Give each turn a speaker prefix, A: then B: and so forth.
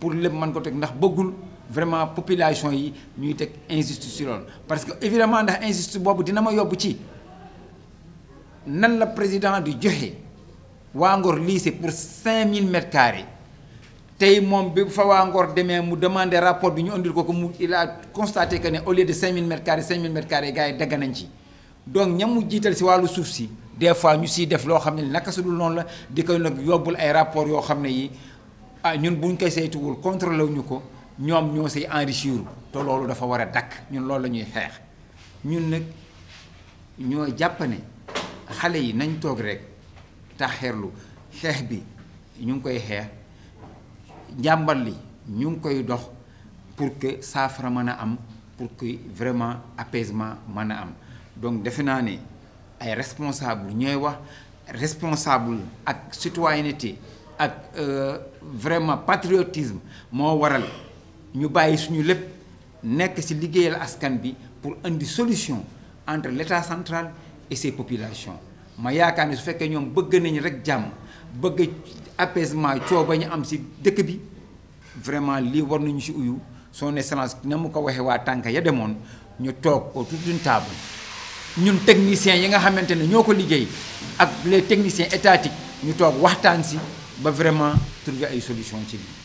A: pour lépp man ko tek ndax bëggul vraiment population yi ñuy tek injustice si loolu parce que évidemment ndax injustice bobu dina ma yóbbu ci nan la président du joxe waa Ngor lycée pour 5000 mètres carrés tay mom bi fa waa Ngor demee mu demander rapport bi ñu andil ko ko mu il a constaté que ne au lieu de 5000 mètres carrés 5000 mètres carrés gars yi dagg nañ ci donc ñamu jital ci walu wàllu ci des fois ñu ci def lo xamné ne naka su dul la diko nak yobul ay rapport yo xamné yi ah ñun buñ koy saytuwul contrôlé wuñu ko ñom ñoo sey enrichir to lolu dafa wara dak ñun lolu lañuy xex ñun nak ñoo jàpp ne xale yi nañ tok rek taxerlu xex bi ñu koy xex njàmbat li ñu koy dox pour que saafara mën am pour que vraiment apaisement mën a am donc defena naa ne ay responsable ñoy wax responsable ak citoyenneté ak euh, vraiment patriotisme mon waral ñu bayyi suñu lepp nek ci liggéeyal askan bi pour indi solution entre l'État central et ses populations ma yaakaar su fekke ñom bëgg nañu rek jamm bëgg apaisement ci ba am ci dëkk bi vraiment li war nañu ci uyu son excellence namu ko waxee wa tànk ya demone ñu tok autour d'une table ñun techniciens yi nga xamante ñoko ñoo ak les techniciens étatiques ñu tok waxtaan ci ba vraiment trouver ay solution ci bi